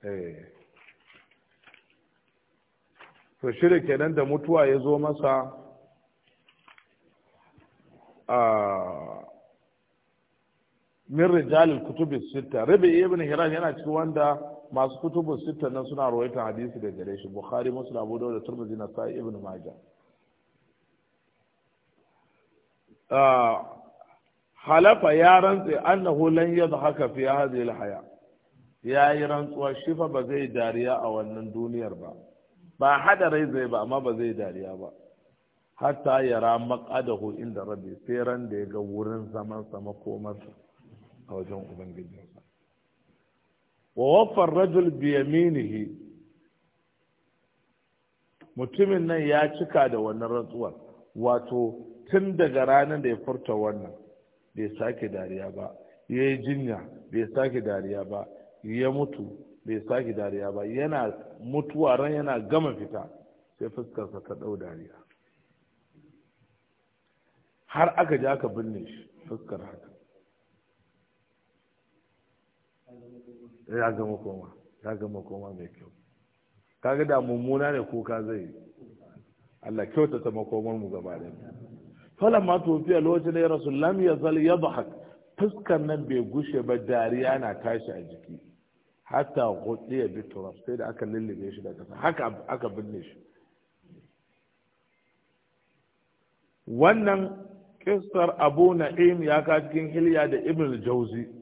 eh. to shirya kenan da mutuwa ya zo masa a ah, min rijalil kutubi sita rabi ibn hiran yana cikin wanda masu kutubu sita nan suna rawaita hadisi da gare shi bukhari muslim abu dawud da na sa'i ibn majah ah, halafa ya rantse annahu lan yadhaka fi hadhihi alhaya ya yi rantsuwa shi fa ba dariya a wannan duniyar ba ba hada rai zai ba amma ba zai dariya ba hatta yara maqadahu inda rabbi sai ran da ya ga wurin zaman sa makomarsa a wajen ubangijinsa wa waffar rajul biyaminihi mutumin nan ya cika da wannan rantsuwar wato tun daga ranar da ya furta wannan bai sake dariya ba ya yi jinya bai sake dariya ba ya mutu bai sake dariya ba yana mutuwa ran yana gama fita sai fuskarsa ta ɗau dariya har aka ja ka binne shi fuskar haka Eh, ya gama koma ya gama koma mai kyau kaga da mummuna ne kuka zai Allah kyauta ta makomar mu gaba da falan ma tofiya lokacin da ya rasu lam ya zal ya bahak fuskar nan bai gushe ba dariya na tashi a jiki hatta gutsi ya bi turaf sai da aka lullube shi da kasa haka aka binne shi wannan kistar abu na'im ya ka cikin hilya da ibn jauzi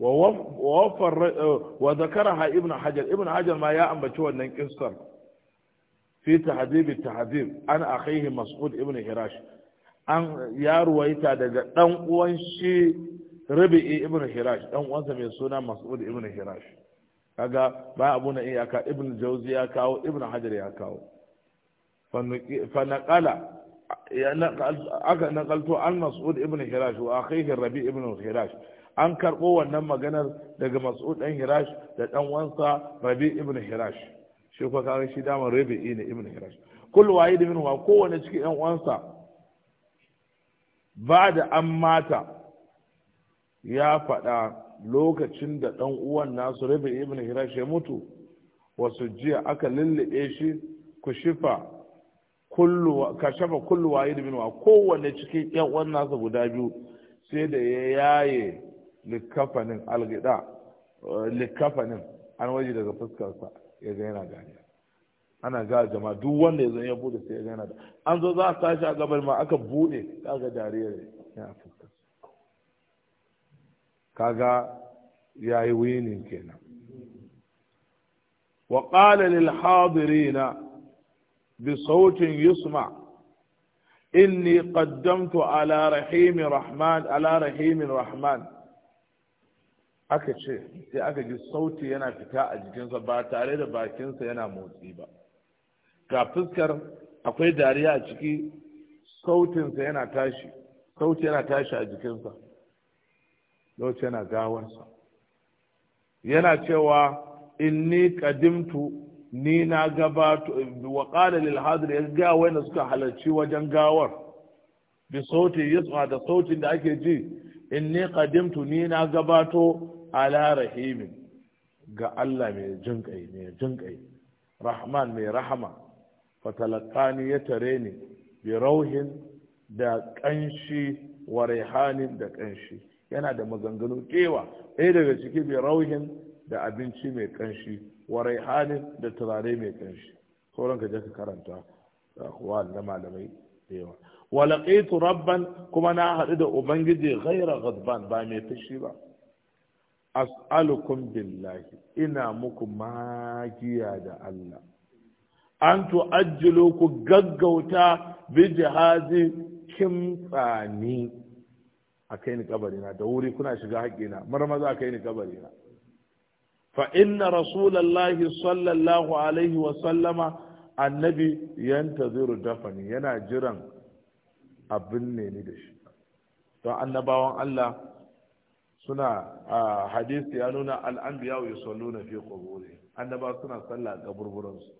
wa zakaraha ibn hajar ibn hajar ma ya ambaci wannan kissar fi tahdhib at-tahdhib an akhihi mas'ud ibn hirash ya ruwaita daga dan uwan shi rabi'i ibn hirash dan uwansa mai suna mas'ud ibn hirash kaga ba abu na iyaka ibn jawzi ya kawo ibn hajar ya kawo fa naqala aka naqaltu an mas'ud ibn hirash wa akhihi rabi' ibn hirash an karɓo wannan maganar daga mas'ud ɗan hirash da ɗan wansa rabi ibn hirash shi ko kawai shi damar rabi ne ibn hirash kullu da minuwa kowane cikin ɗan wansa ba da an mata ya faɗa lokacin da ɗan uwan nasu rabi ibn hirash ya mutu wasu jiya aka lullube shi ku shifa kullu kashafa kullu da minuwa kowane cikin ɗan uwan nasa guda biyu sai da ya yaye likafanin algida likafanin an waje daga fuskarsa ya ga yana gani ana ga jama'a duk wanda ya zan ya bude sai ya ga yana da an zo za a tashi a gabar ma aka bude kaga dariya ne ya fuskar kaga yayi winin kenan wa qala lil hadirina bi sautin yusma' إني قدمت على رحيم رحمن على رحيم رحمن aka ce sai aka ji sauti yana fita a jikinsa ba tare da bakinsa yana motsi ba ga fuskar akwai dariya a ciki sautinsa yana tashi sauti yana tashi a jikinsa lokaci yana gawarsa yana cewa inni kadimtu ni na gabato wa qala lil hadir ya ga wanda suka halarci wajen gawar bi sauti yasma da sautin da ake ji inni qadimtu ni na gabato ala rahimin ga Allah mai jin kai mai jin rahman mai rahama fatalakani ya tare ni bi rauhin da kanshi wa da ƙanshi yana da maganganu kewa ɗaya daga ciki bi rauhin da abinci mai kanshi wa da turare mai kanshi sauran ka je ka karanta kuwa uh, na malamai da yawa wa laqitu rabban kuma na haɗu da ubangiji ghaira ghadban ba mai fushi ba as'alukum billahi ina muku magiya da Allah an tu'ajjilu ku gaggauta bi jihadi kimtsani a kai ni na da wuri kuna shiga haƙina marmaza a kai ni na fa inna rasulallahi sallallahu alaihi wa sallama annabi yantaziru dafani yana jiran abin ne ni da shi don annabawan Allah suna a hadisi ya nuna na wa yusalluna fi quburi annaba suna sallah a burburansu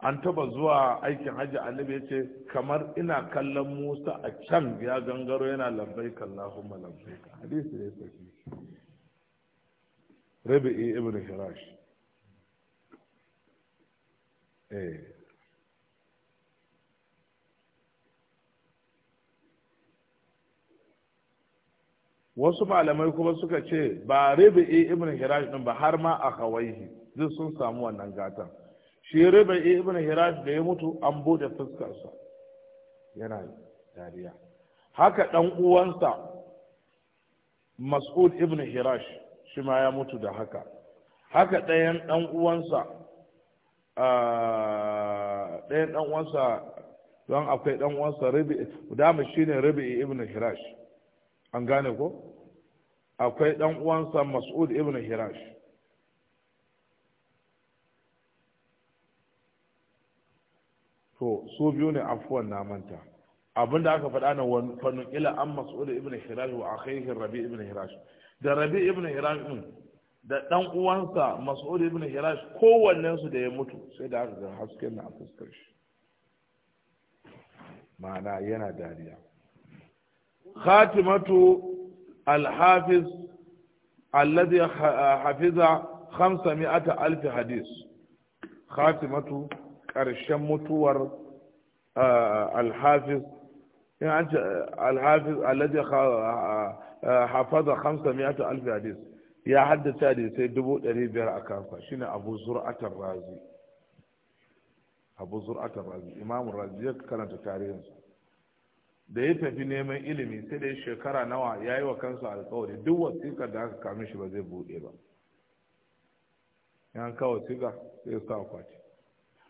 an taba zuwa aikin hajji annabi ce, kamar ina kallon Musa a can ya gangaro yana labbaika Allahumma labbaika hadisi ne sai Rabi'i ibn Hirash eh wasu malamai kuma suka ce ba e ibn hirash din ba har ma a hawaihi duk sun samu wannan gatan shi e ibn hirash da ya mutu an bude fuskarsa yana dariya haka dan uwansa mas'ud ibn hirash shi ma ya mutu da haka haka ɗayan dan uwansa ɗayan dan uwansa don akwai dan uwansa da mu shine rabi ibn hirash an gane ko akwai dan uwansa mas'ud ibn hirash to su biyu ne afuwan na manta abinda aka faɗa na fannin ila an mas'ud ibn hirash wa akhihi rabi ibn hirash da rabi ibn hirash din da dan uwansa mas'ud ibn hirash kowannensu da ya mutu sai da aka ga hasken na a fuskar shi ma'ana yana dariya خاتمته الحافظ الذي حفظ خمسمائة ألف حديث خاتمته قرشان متور آه، آه، الحافظ يعني آه، الحافظ الذي حفظ خمسمائة ألف حديث يا حد تالي سيدبو تريد بير أكافا شين أبو زرعة الرازي أبو زرعة الرازي إمام الرازي كانت تاريخ da ya tafi neman ilimi sai da ya shekara nawa ya yi wa kansu alkawari duk wasiƙar da aka kame shi ba zai buɗe ba yan kawo wasiƙa sai sa kwaci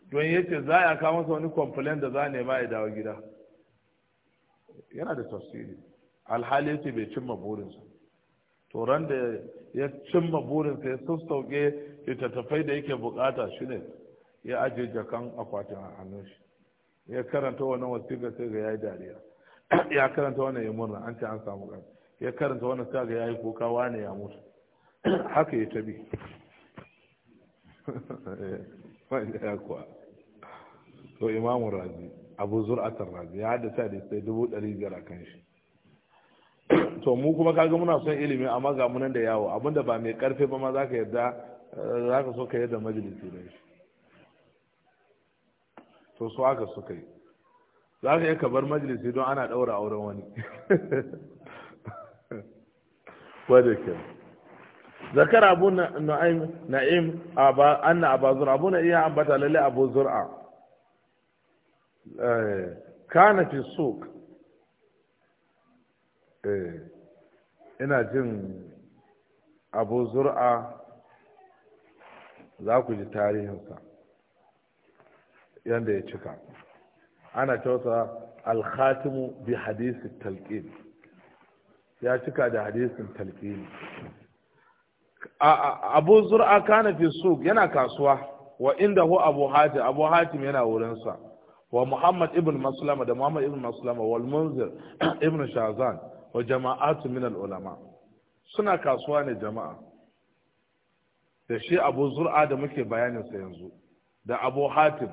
don ya ce za a kawo masa wani complain da za a nema ya dawo gida yana da tafsiri alhali yake bai cimma burinsa to da ya cimma burinsa ya sassauke littattafai da yake bukata shine ya ajiye jakan akwatin a hannun shi ya karanta wannan wasiƙa sai ga ya yi dariya ya karanta wannan ya murna an ce an samu gani ya karanta wannan sai ga yayi kuka wane ya mutu haka ya tabi ya kuwa to imamu razi abu zur'atar razi ya haddasa da sai dubu ɗari biyar a kan shi to mu kuma kaga muna son ilimi amma ga munan da yawo abinda ba mai karfe ba ma za ka yarda za ka so ka yarda majalisi da shi to su haka suka yi za ka yi kabar majalisi don ana ɗaura auren wani wajen ke zakar abu na'im an na abu zura abu na iya ambata lalle abu zura eh, kana fi suk eh, ina jin abu zura za ku ji tarihinsa yadda ya cika ana cewa alkhatimu bi hadisi talqin ya cika da hadisin talqin abu zur'a kana fi suq yana kasuwa wa inda hu abu hatim abu hatim yana wurinsa wa muhammad ibn maslama da muhammad ibn maslama wal munzir ibn shazan wa jama'atu min al ulama suna kasuwa ne jama'a da shi abu zur'a da muke bayanin sa yanzu da abu hatim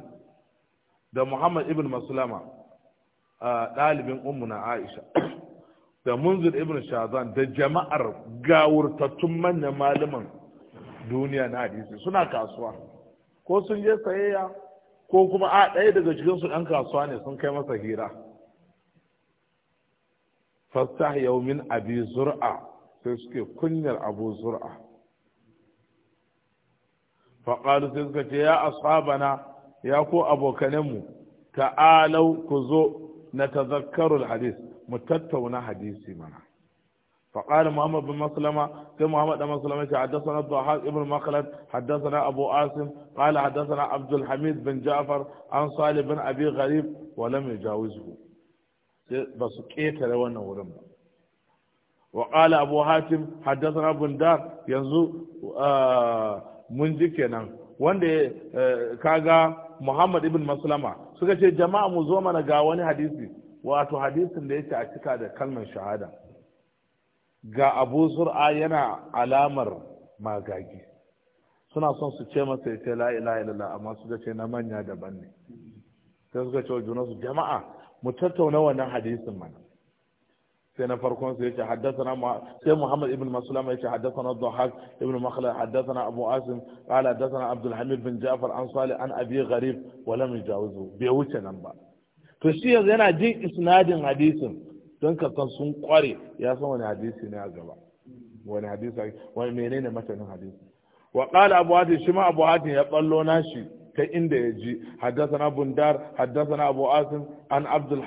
da muhammad ibn maslama ɗalibin ummuna aisha da munzir ibn shazan da jama'ar gawurtattun manyan malaman duniya na hadisi suna kasuwa ko sun je sayayya ko kuma a ɗaya daga cikin su ɗan kasuwa ne sun kai masa hira fastah yaumin abi zur'a sai suke kunyar abu zur'a faƙalu sai suka ce ya asabana ya ko abokanenmu ta'alau ku zo na tazakkarul hadis mu tattauna hadisi mana فقال محمد بن مسلمة سي محمد بن مسلمة حدثنا الضحاك ابن مخلد حدثنا أبو عاصم قال حدثنا عبد الحميد بن جعفر عن صالح بن أبي غريب ولم يجاوزه بس كيت لوانا ورمى وقال أبو حاتم حدثنا ابن دار ينزو منذ كنا wanda kaga muhammad ibn maslama suka ce jama'a mu zo mana ga wani hadisi wato hadisin da yake a cika da kalmar shahada ga abu zur'a yana alamar magagi suna son su ce masa ya ce la ilaha illallah amma suka ce na manya daban ne sai suka ce wa juna su jama'a mu tattauna wannan hadisin mana sai na farkon su yake haddathana sai Muhammad ibn Maslama yake haddathana Dhahak ibn Makhlad haddathana Abu Asim qala haddathana Abdul Hamid bin Ja'far an Salih an Abi Gharib wa lam yujawizu bai wuce nan ba to shi yanzu yana jin isnadin hadisin don ka san sun kware ya san wani hadisi ne a gaba wani hadisi wani menene matanin hadisi wa qala Abu Hatim shi ma Abu Hatim ya ballo nashi ta inda ya ji haddasana bundar haddasana abu asim an abdul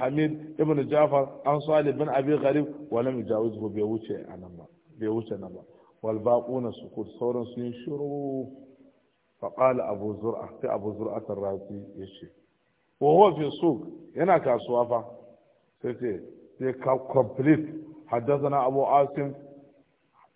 ibn jafar an salih bin abi gharib wa lam yujawizhu bai wuce nan ba bai wuce nan ba wal baquna sukut sauran sun shiru fa qala abu zur'a sai abu zur'a tarrazi yace wa huwa fi suq yana kasuwa fa sai ce sai ka complete haddasana abu asim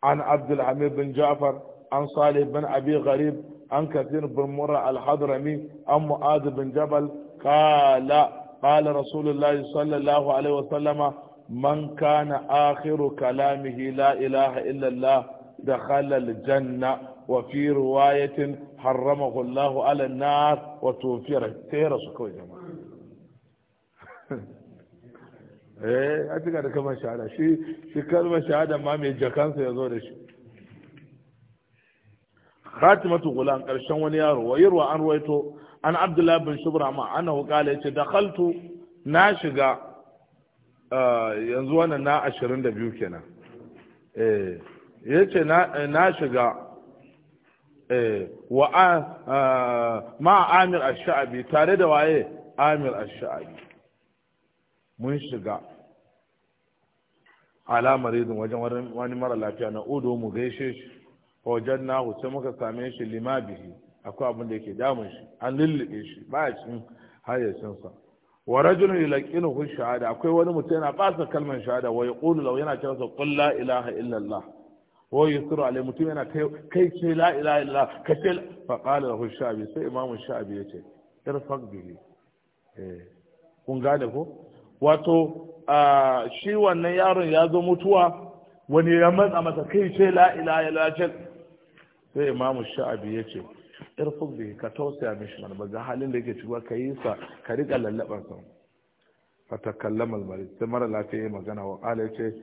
an abdul hamid bin jafar an salih bin abi gharib an bin mura alhadrami an mu'adu bin jabal kala kala rasulullahi sallallahu alaihi wasallama man kana akhiru kalamihi la ilaha illallah da khalal janna wa fi riwayatin harramahu allah ala nar wa tera su jama'a eh a tika da kamar shahada shi shi shahada ma mai jakansa ya zo da shi khatimatu gulan karshen wani yaro wa yirwa an ruwaito an abdullahi bin shubra ma annahu qala yace dakhaltu na shiga eh, yanzu wannan na 22 kenan eh yace na na shiga eh wa eh, ma amir ash-sha'bi tare da waye amir ash-sha'bi mun shiga ala maridin wajen wani mara lafiya na odo mu gaishe shi wajen nahu sai muka same shi lima bihi akwai abin da yake damun shi an lullube shi ba a cin hayyacinsa wa rajulun yulqinuhu shahada akwai wani mutum yana basa kalmar shahada wa yaqulu law yana cewa qul la ilaha illa allah wa yusru alai mutum yana kai ce la ilaha illa ka ce fa qala lahu sha'bi sai imamu sha'bi yace irfaq bihi eh kun gane ko wato shi wannan yaron ya zo mutuwa wani ya matsa masa kai ce la ilaha illa sai imamu sha'abi ya ce irfuk da ka tausaya mishi mana ga halin da yake cikuwa ka yi sa ka riƙa lallaɓar sa ta kallama almari sai mara lafiya ya magana wa ya ce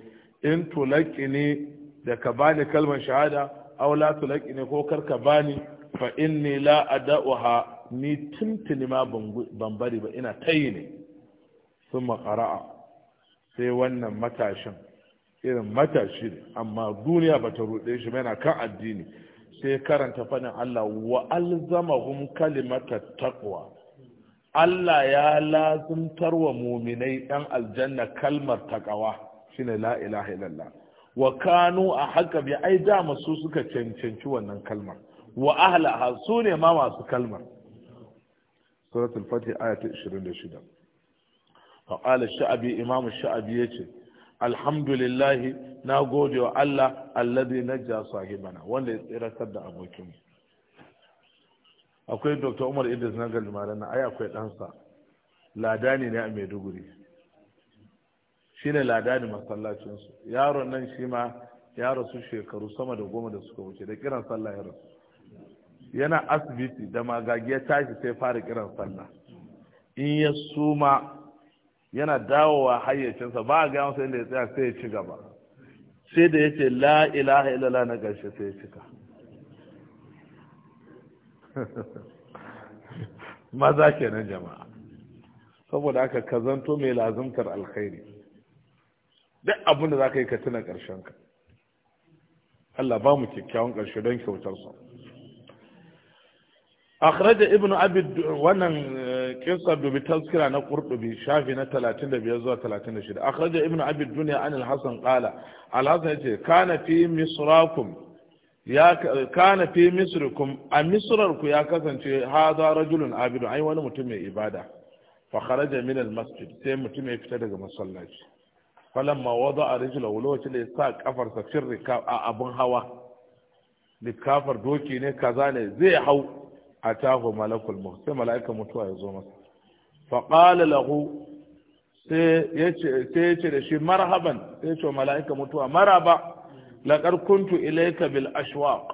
in tulaƙi da ka bani kalmar shahada aw la tulaƙi ko kar ka bani fa inni la ada'uha ni tuntuni ma ban bari ba ina tayi ne sun makara'a, sai wannan matashin irin matashi amma duniya ba ta ruɗe shi ba yana kan addini sai karanta fadin Allah wa alzamahum kalimata taqwa Allah ya lazumtar wa muminai ɗan aljanna kalmar taqwa shine la ilaha illallah wa kanu a haka bi ai da masu suka cancanci wannan kalmar wa ha su ne ma masu kalmar suratul fatih ayat 26 qala الشعبي إمام الشعبي yace lillahi na gode wa Allah alladhi najja sahibana wanda ya tsiratar da abokin akwai Dr. Umar Idris na na ai akwai ɗansa ladani ne a Maiduguri shine ladani masallacin su yaron nan shi ma ya rasu shekaru sama da goma da suka wuce da kiran sallah ya rasu yana asibiti da magagi ya tashi sai fara kiran sallah in ya suma yana dawowa hayyacinsa ba a gaya sai da ya tsaya sai ya ci gaba sai da yake la ilaha illallah na garshe sai ya cika maza kenan jama'a saboda aka kazanto mai lazumtar alkhairi duk abin da za ka yi ka tuna ka. Allah ba mu kyakkyawan ƙarshe don kyautarsa أخرج ibnu Abid wannan ونن kisar dubi taskira na kurdubi shafi na 35 zuwa 36 akhraja ibnu abi dunya an al-hasan qala al-hasan yace kana fi misrakum ya kana fi misrikum a misrar ya kasance hadha rajulun abidu ai wani mutum mai ibada fa kharaja masjid sai mutum ya fita daga masallaci falamma wada'a rijlahu lokacin da ya sa kafarsa firrika a abun hawa likafar doki ne kaza ne zai hau atahu malakul maut sai malaika mutuwa ya zo masa fa qala lahu sai sai yace da shi marhaban sai ya mala'ika mutuwa maraba laƙar kuntu ilayka bil ashwaq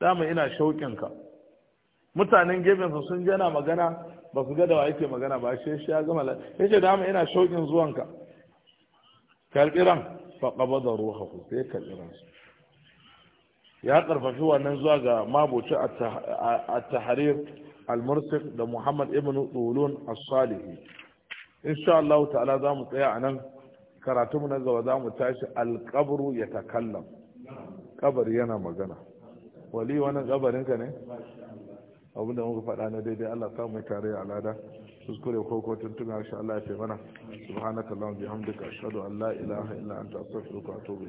dama ina ka mutanen gefensa sun jana magana ba su ga da wa yake magana ba shi shi ya gama yace dama ina shauƙin zuwanka karɓi fa qabada ruhuhu sai karɓi shi ya karfafi wannan zuwa ga mabuci a tahrir al-mursik da Muhammad ibn Dulun as-Salihi insha Allah ta'ala za mu tsaya anan karatu na gaba za mu tashi al-qabru kallam. kabari yana magana wali wannan kabarin ka ne abin da muka faɗa na daidai Allah samu mai tare a lada kuskure ko ko tuntuna insha Allah ya fi mana subhanaka allahumma bihamdika ashhadu an la ilaha illa anta astaghfiruka wa atubu